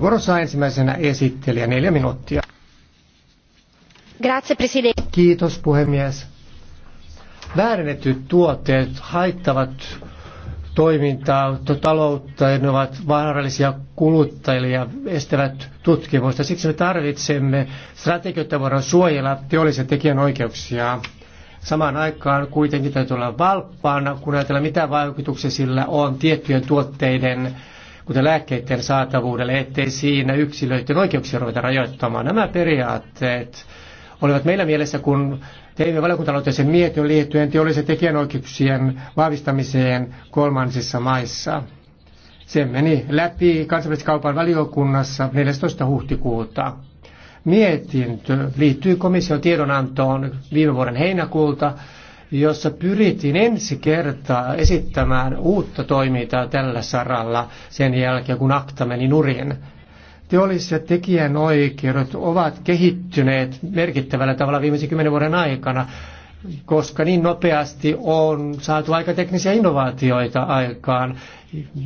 Vuorossa ensimmäisenä esittelijä neljä minuuttia. Grazie, presidente. Kiitos puhemies. Väärennetyt tuotteet haittavat toimintaa, taloutta, ne ovat vaarallisia kuluttajille ja estävät tutkimusta. Siksi me tarvitsemme strategioita, voidaan suojella teollisia tekijänoikeuksia. oikeuksia. Samaan aikaan kuitenkin täytyy olla valppaana, kun ajatellaan mitä vaikutuksia sillä on tiettyjen tuotteiden kuten lääkkeiden saatavuudelle, ettei siinä yksilöiden oikeuksia ruveta rajoittamaan. Nämä periaatteet olivat meillä mielessä, kun teimme valiokuntaloitteisen mietin liittyen teollisen tekijänoikeuksien vahvistamiseen kolmansissa maissa. Se meni läpi kansainväliskaupan valiokunnassa 14. huhtikuuta. Mietintö liittyy komission tiedonantoon viime vuoden heinäkuulta, jossa pyrittiin ensi kertaa esittämään uutta toimintaa tällä saralla sen jälkeen, kun akta meni nurin. Teolliset tekijänoikeudet ovat kehittyneet merkittävällä tavalla viimeisen kymmenen vuoden aikana, koska niin nopeasti on saatu aika teknisiä innovaatioita aikaan.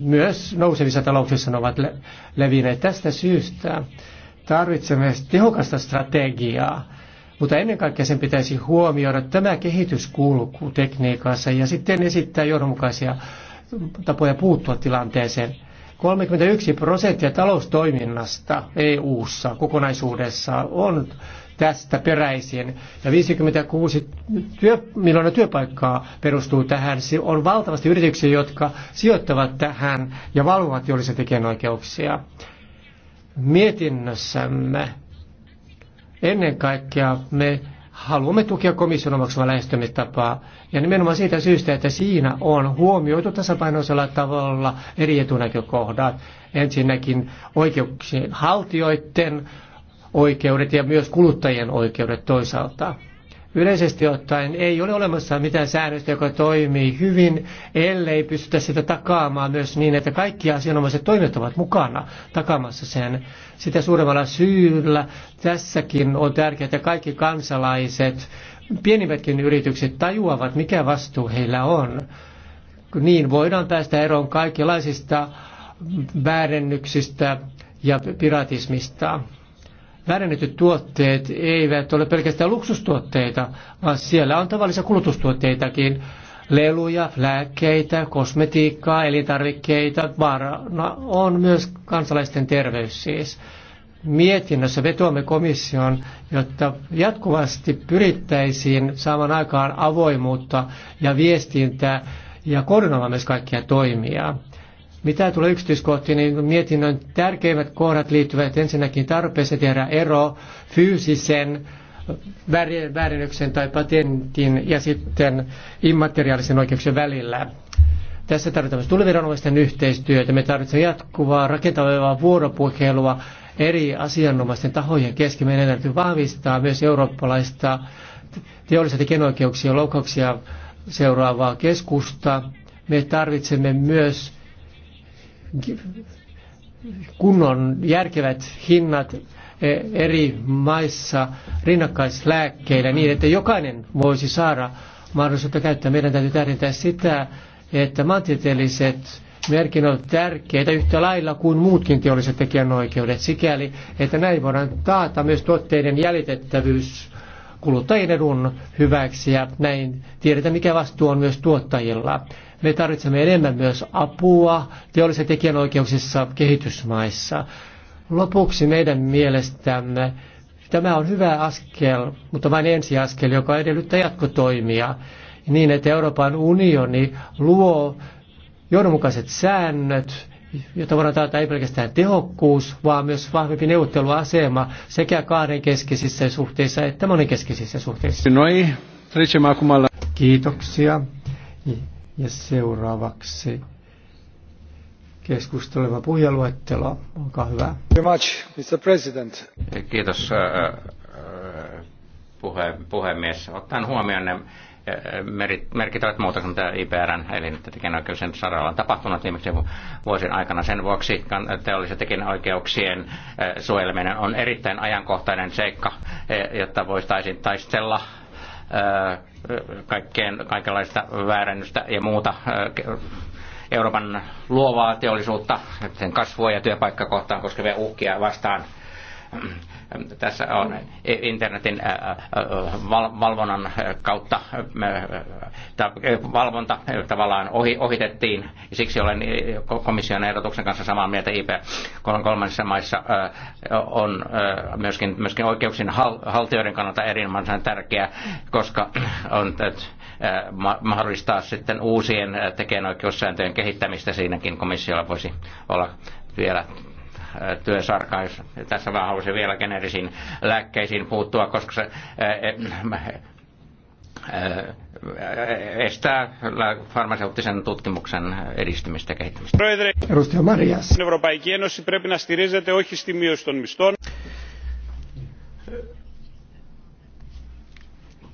Myös nousevissa talouksissa ne ovat le- levinneet tästä syystä. Tarvitsemme tehokasta strategiaa mutta ennen kaikkea sen pitäisi huomioida tämä kehityskulku tekniikassa ja sitten esittää johdonmukaisia tapoja puuttua tilanteeseen. 31 prosenttia taloustoiminnasta EU-ssa kokonaisuudessaan on tästä peräisin. Ja 56 työ, miljoonaa työpaikkaa perustuu tähän. Se on valtavasti yrityksiä, jotka sijoittavat tähän ja valvovat teollisen tekijänoikeuksia. Mietinnössämme Ennen kaikkea me haluamme tukea komission omaksumaa lähestymistapaa ja nimenomaan siitä syystä, että siinä on huomioitu tasapainoisella tavalla eri etunäkökohdat. Ensinnäkin oikeuksien haltijoiden oikeudet ja myös kuluttajien oikeudet toisaalta. Yleisesti ottaen ei ole olemassa mitään säännöstä, joka toimii hyvin, ellei pystytä sitä takaamaan myös niin, että kaikki asianomaiset toimet ovat mukana takaamassa sen. Sitä suuremmalla syyllä tässäkin on tärkeää, että kaikki kansalaiset, pienimmätkin yritykset tajuavat, mikä vastuu heillä on. Niin voidaan päästä eroon kaikenlaisista väärennyksistä ja piratismista värennetyt tuotteet eivät ole pelkästään luksustuotteita, vaan siellä on tavallisia kulutustuotteitakin. Leluja, lääkkeitä, kosmetiikkaa, elintarvikkeita, vaarana on myös kansalaisten terveys siis. Mietinnössä vetoamme komission, jotta jatkuvasti pyrittäisiin saamaan aikaan avoimuutta ja viestintää ja koordinoimaan myös kaikkia toimia. Mitä tulee yksityiskohtiin, niin mietinnön tärkeimmät kohdat liittyvät ensinnäkin tarpeeseen tehdä ero fyysisen väärennyksen tai patentin ja sitten immateriaalisen oikeuksien välillä. Tässä tarvitaan myös tuliviranomaisten yhteistyötä. Me tarvitsemme jatkuvaa rakentavaa vuoropuhelua eri asianomaisten tahojen kesken. Meidän täytyy vahvistaa myös eurooppalaista teollisia tekijänoikeuksia ja loukauksia seuraavaa keskusta. Me tarvitsemme myös kunnon järkevät hinnat e, eri maissa rinnakkaislääkkeillä niin, että jokainen voisi saada mahdollisuutta käyttää. Meidän täytyy tähdentää sitä, että maantieteelliset merkin ovat tärkeitä yhtä lailla kuin muutkin teolliset tekijänoikeudet sikäli, että näin voidaan taata myös tuotteiden jäljitettävyys kuluttajien edun hyväksi ja näin tiedetään, mikä vastuu on myös tuottajilla. Me tarvitsemme enemmän myös apua teollisissa tekijänoikeuksissa kehitysmaissa. Lopuksi meidän mielestämme tämä on hyvä askel, mutta vain ensi askel joka edellyttää jatkotoimia niin, että Euroopan unioni luo johdonmukaiset säännöt jota voidaan taata ei pelkästään tehokkuus, vaan myös vahvempi neuvotteluasema sekä kahdenkeskisissä suhteissa että monenkeskisissä suhteissa. Noi, Kiitoksia. Ja seuraavaksi keskusteleva puhujaluettelo. Olkaa hyvä. Much, Mr. President. Kiitos äh, äh, puhe, puhemies. Ottaen huomioon ne merkittävät muutokset, mitä IPRn eli tekijänoikeuksien saralla on tapahtunut viimeksi vuosien aikana. Sen vuoksi teollisen tekijänoikeuksien eh, suojeleminen on erittäin ajankohtainen seikka, eh, jotta voitaisiin taistella eh, kaikkeen, kaikenlaista väärännystä ja muuta Euroopan luovaa teollisuutta, sen kasvua ja työpaikkakohtaan koskevia uhkia vastaan – tässä on internetin valvonnan kautta valvonta tavallaan ohitettiin. Siksi olen komission ehdotuksen kanssa samaa mieltä. IP kolmansissa maissa on myöskin, myöskin oikeuksien haltijoiden kannalta erinomaisen tärkeä, koska on mahdollistaa sitten uusien tekijänoikeussääntöjen kehittämistä. Siinäkin komissiolla voisi olla vielä työsarkaa. Tässä vaan halusin vielä generisiin lääkkeisiin puuttua, koska se eh, eh, eh, estää farmaseuttisen tutkimuksen edistymistä ja kehittämistä. Edustaja Marias. Ευρωπαϊκή Ένωση πρέπει να στηρίζεται όχι στη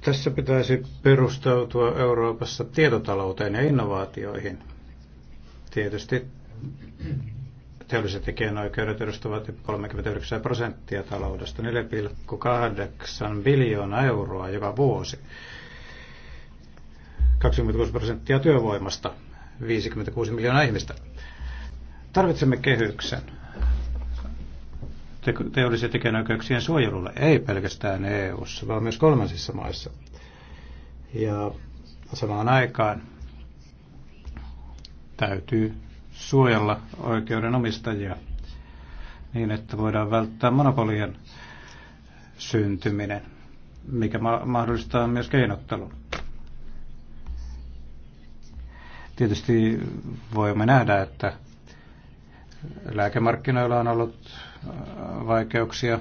Tässä pitäisi perustautua Euroopassa tietotalouteen ja innovaatioihin. Tietysti teolliset tekijänoikeudet edustavat 39 prosenttia taloudesta, 4,8 biljoonaa euroa joka vuosi. 26 prosenttia työvoimasta, 56 miljoonaa ihmistä. Tarvitsemme kehyksen teollisen tekijänoikeuksien suojelulle, ei pelkästään EU-ssa, vaan myös kolmansissa maissa. Ja samaan aikaan täytyy suojella oikeudenomistajia niin, että voidaan välttää monopolien syntyminen, mikä mahdollistaa myös keinottelun. Tietysti voimme nähdä, että lääkemarkkinoilla on ollut äh, vaikeuksia.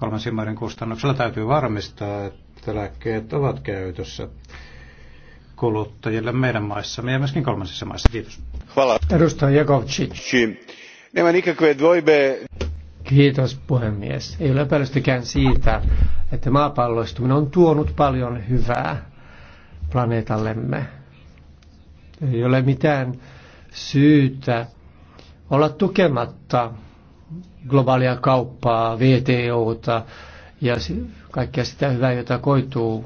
Kolmansimmaiden kustannuksella täytyy varmistaa, että lääkkeet ovat käytössä kuluttajille meidän maissamme ja myöskin kolmansissa maissa. Kiitos. Hvala. Edustaja Jakovčić. Nema nikakve dvojbe. Kiitos puhemies. Ei ole epäilystäkään siitä, että maapalloistuminen on tuonut paljon hyvää planeetallemme. Ei ole mitään syytä olla tukematta globaalia kauppaa, VTOta ja kaikkea sitä hyvää, jota koituu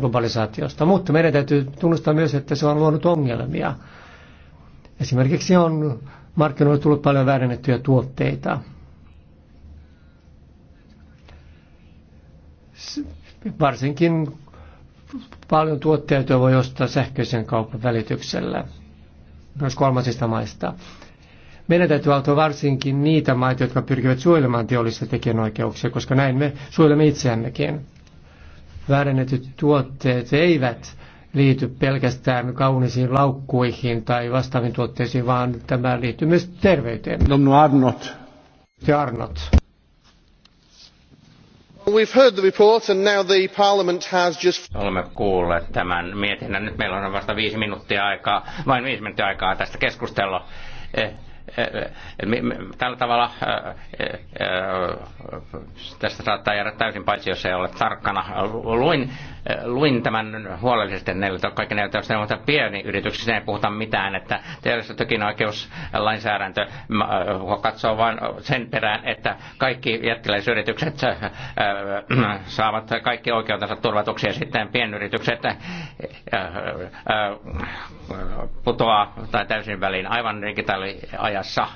globalisaatiosta, mutta meidän täytyy tunnustaa myös, että se on luonut ongelmia. Esimerkiksi on markkinoille tullut paljon väärennettyjä tuotteita. Varsinkin paljon tuotteita voi ostaa sähköisen kaupan välityksellä, myös kolmansista maista. Meidän täytyy auttaa varsinkin niitä maita, jotka pyrkivät suojelemaan teollisia tekijänoikeuksia, koska näin me suojelemme itseämmekin väärennetyt tuotteet eivät liity pelkästään kaunisiin laukkuihin tai vastaaviin tuotteisiin, vaan tämä liittyy myös terveyteen. Domnu Arnot. Ja Arnot. We've heard the report and now the parliament has just... Olemme kuulleet tämän mietinnän. Nyt meillä on vasta viisi minuuttia aikaa, vain viisi minuuttia aikaa tästä keskustella. Eh tällä tavalla tästä saattaa jäädä täysin paitsi, jos ei ole tarkkana. Luin luin tämän huolellisesti kaikki 14 mutta pieni yrityksissä ei puhuta mitään, että teollisuus tokin oikeuslainsäädäntö äh, katsoo vain sen perään, että kaikki jättiläisyritykset äh, äh, saavat kaikki oikeutensa turvatuksi ja sitten pienyritykset putoaa tai täysin väliin aivan digitaaliajassa.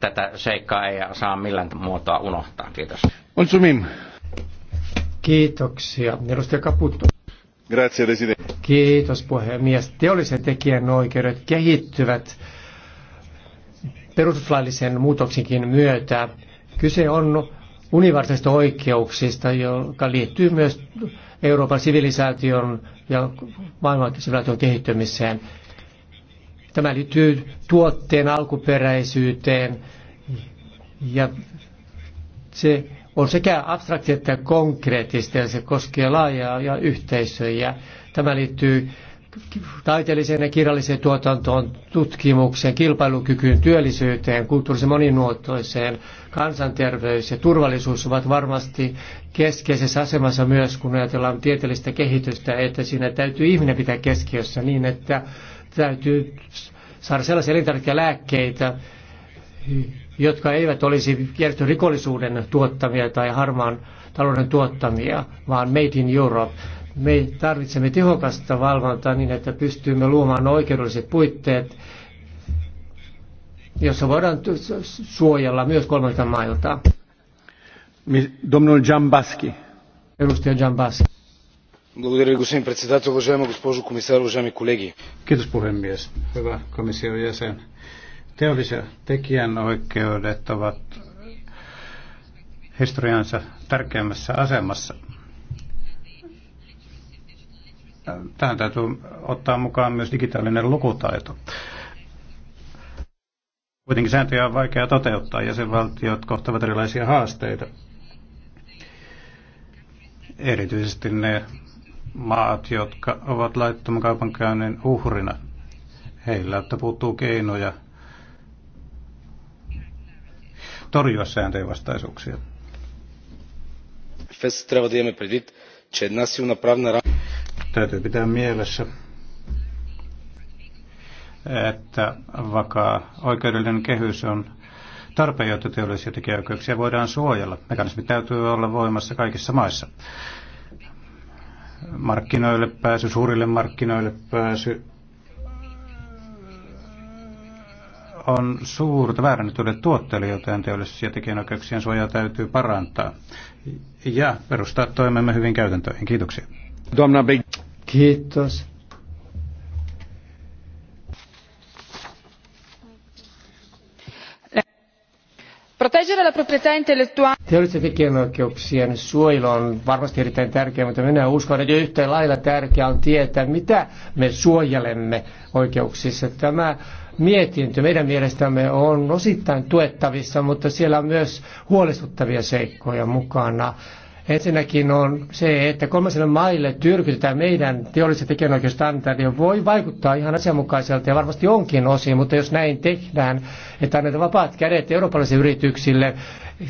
Tätä seikkaa ei saa millään muotoa unohtaa. Kiitos. Mulțumim. Kiitoksia. Edustaja kaputtu. Grazie, Presidente. Kiitos puhemies. Teollisen tekijän oikeudet kehittyvät perustuslaillisen muutoksinkin myötä. Kyse on universaalista oikeuksista, joka liittyy myös Euroopan sivilisaation ja maailman sivilisaation kehittymiseen. Tämä liittyy tuotteen alkuperäisyyteen ja se on sekä abstrakti että konkreettista ja se koskee laajaa ja yhteisöjä. Tämä liittyy taiteelliseen ja kirjalliseen tuotantoon, tutkimukseen, kilpailukykyyn, työllisyyteen, kulttuurisen monimuotoiseen, kansanterveys ja turvallisuus ovat varmasti keskeisessä asemassa myös, kun ajatellaan tieteellistä kehitystä, että siinä täytyy ihminen pitää keskiössä niin, että täytyy saada sellaisia elintärkeitä lääkkeitä, jotka eivät olisi järjestön rikollisuuden tuottamia tai harmaan talouden tuottamia, vaan Made in Europe. Me tarvitsemme tehokasta valvontaa niin, että pystymme luomaan oikeudelliset puitteet, jossa voidaan suojella myös kolmelta mailta. Domnul Jambaski. Edustaja Jambaski. Благодаря, господин председател, уважаема госпожо комисар, уважаеми колеги. Kiitos puhemies. Hyvä komission jäsen. Teolliset tekijänoikeudet ovat historiansa tärkeimmässä asemassa. Tähän täytyy ottaa mukaan myös digitaalinen lukutaito. Kuitenkin sääntöjä on vaikea toteuttaa, jäsenvaltiot kohtavat erilaisia haasteita. Erityisesti ne maat, jotka ovat laittoman kaupankäynnin uhrina. Heillä puuttuu keinoja torjua sääntöjen vastaisuuksia. Täytyy pitää mielessä, että vakaa oikeudellinen kehys on tarpeen, jotta teollisia tekijäoikeuksia voidaan suojella. Mekanismi täytyy olla voimassa kaikissa maissa. Markkinoille pääsy, suurille markkinoille pääsy on suurta väärännetyille tuotteille, joten teollisuus- ja tekijänoikeuksien suojaa täytyy parantaa ja perustaa toimemme hyvin käytäntöihin. Kiitoksia. Kiitos. Proteggere la proprietà intellettuale. Teollisten tekijänoikeuksien suojelu on varmasti erittäin tärkeää, mutta minä uskon, että yhtä lailla tärkeää on tietää, mitä me suojelemme oikeuksissa. Tämä mietintö meidän mielestämme on osittain tuettavissa, mutta siellä on myös huolestuttavia seikkoja mukana. Ensinnäkin on se, että kolmaselle maille tyrkytetään meidän teolliset tekijänoikeusstandardia voi vaikuttaa ihan asianmukaiselta ja varmasti onkin osin, mutta jos näin tehdään, että annetaan vapaat kädet eurooppalaisille yrityksille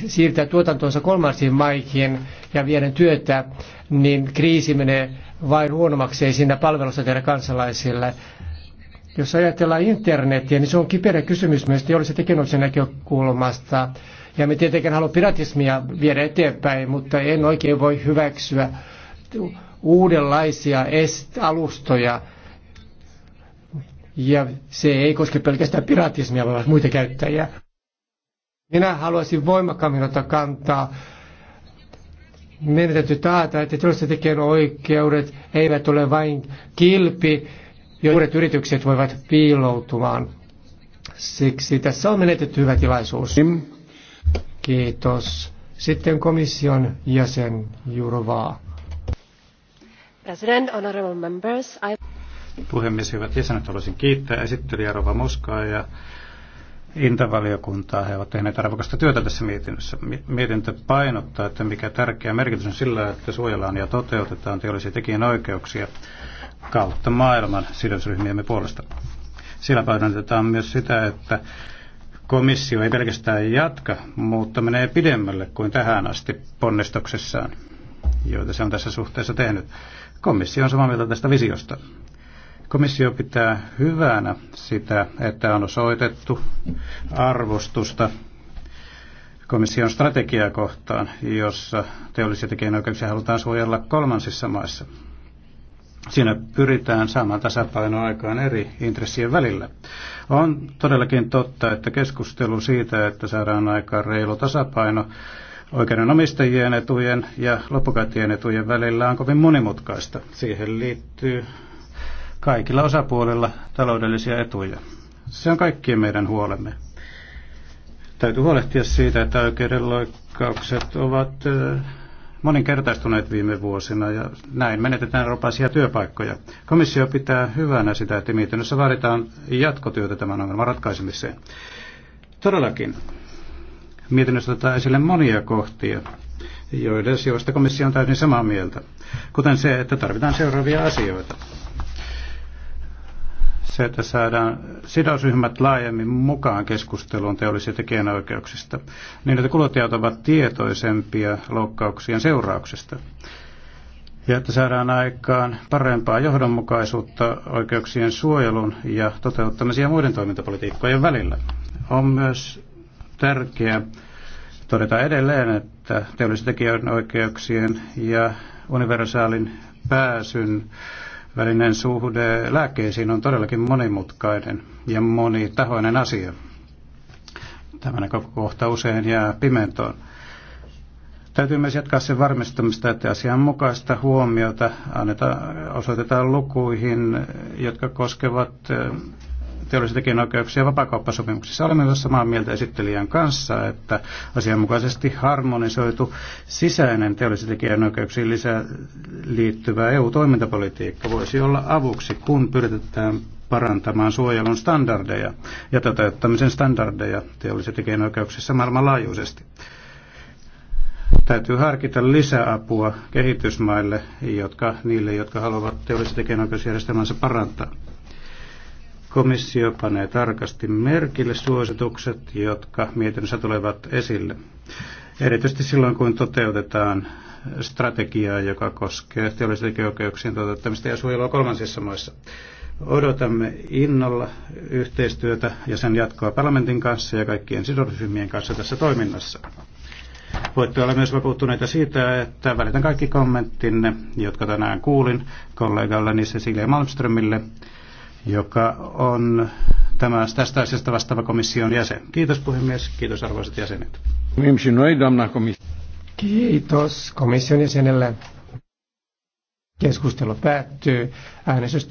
siirtää tuotantonsa kolmansiin maihin ja viedä työtä, niin kriisi menee vain huonommaksi, ei siinä palvelussa tehdä kansalaisille. Jos ajatellaan internetiä, niin se on kiperä kysymys myös teollisen tekemisen näkökulmasta. Ja me tietenkin haluamme piratismia viedä eteenpäin, mutta en oikein voi hyväksyä uudenlaisia alustoja. Ja se ei koske pelkästään piratismia, vaan muita käyttäjiä. Minä haluaisin voimakkaammin ottaa kantaa. Meidän täytyy taata, että teollisen tekijän oikeudet eivät ole vain kilpi Uudet yritykset voivat piiloutumaan. Siksi tässä on menetetty hyvä tilaisuus. Kiitos. Sitten komission jäsen Jurvaa. President, honorable members, I... Puhemies, hyvät jäsenet, haluaisin kiittää esittelijä Rova Moskaa ja Intavaliokuntaa. He ovat tehneet arvokasta työtä tässä mietinnössä. Mietintö painottaa, että mikä tärkeä merkitys on sillä, että suojellaan ja toteutetaan teollisia tekijän oikeuksia kautta maailman sidosryhmiemme puolesta. Sillä painotetaan myös sitä, että komissio ei pelkästään jatka, mutta menee pidemmälle kuin tähän asti ponnistuksessaan, joita se on tässä suhteessa tehnyt. Komissio on samaa mieltä tästä visiosta. Komissio pitää hyvänä sitä, että on osoitettu arvostusta komission strategiakohtaan, kohtaan, jossa teollisia tekijänoikeuksia halutaan suojella kolmansissa maissa. Siinä pyritään saamaan tasapaino aikaan eri intressien välillä. On todellakin totta, että keskustelu siitä, että saadaan aikaan reilu tasapaino oikeudenomistajien etujen ja loppukäyttäjien etujen välillä on kovin monimutkaista. Siihen liittyy kaikilla osapuolilla taloudellisia etuja. Se on kaikkien meidän huolemme. Täytyy huolehtia siitä, että oikeudenloikkaukset ovat moninkertaistuneet viime vuosina ja näin menetetään eurooppalaisia työpaikkoja. Komissio pitää hyvänä sitä, että mietinnössä vaaditaan jatkotyötä tämän ongelman ratkaisemiseen. Todellakin mietinnössä otetaan esille monia kohtia, joiden sijoista komissio on täysin samaa mieltä, kuten se, että tarvitaan seuraavia asioita se, että saadaan sidosryhmät laajemmin mukaan keskusteluun ja tekijänoikeuksista, niin että kuluttajat ovat tietoisempia loukkauksien seurauksista. Ja että saadaan aikaan parempaa johdonmukaisuutta oikeuksien suojelun ja toteuttamisen ja muiden toimintapolitiikkojen välillä. On myös tärkeää todeta edelleen, että teollisen tekijänoikeuksien ja universaalin pääsyn välinen suhde lääkkeisiin on todellakin monimutkainen ja monitahoinen asia. Tämä kohta usein jää pimentoon. Täytyy myös jatkaa sen varmistamista, että asianmukaista huomiota annetaan, osoitetaan lukuihin, jotka koskevat teollisia tekijänoikeuksia vapakauppasopimuksissa. Olemme myös samaa mieltä esittelijän kanssa, että asianmukaisesti harmonisoitu sisäinen teollisia tekijänoikeuksiin lisää liittyvä EU-toimintapolitiikka voisi olla avuksi, kun pyritetään parantamaan suojelun standardeja ja toteuttamisen standardeja teollisia tekijänoikeuksissa maailmanlaajuisesti täytyy harkita lisäapua kehitysmaille, jotka, niille, jotka haluavat teollisen tekijänoikeusjärjestelmänsä parantaa. Komissio panee tarkasti merkille suositukset, jotka mietinnössä tulevat esille. Erityisesti silloin, kun toteutetaan strategiaa, joka koskee oikeuksien toteuttamista ja suojelua kolmansissa maissa. Odotamme innolla yhteistyötä ja sen jatkoa parlamentin kanssa ja kaikkien sidosryhmien kanssa tässä toiminnassa. Voitte olla myös vakuuttuneita siitä, että välitän kaikki kommenttinne, jotka tänään kuulin kollegallani Cecilia Malmströmille joka on tämä, tästä asiasta vastaava komission jäsen. Kiitos puhemies, kiitos arvoisat jäsenet. Kiitos komission jäsenelle. Keskustelu päättyy. Äänestys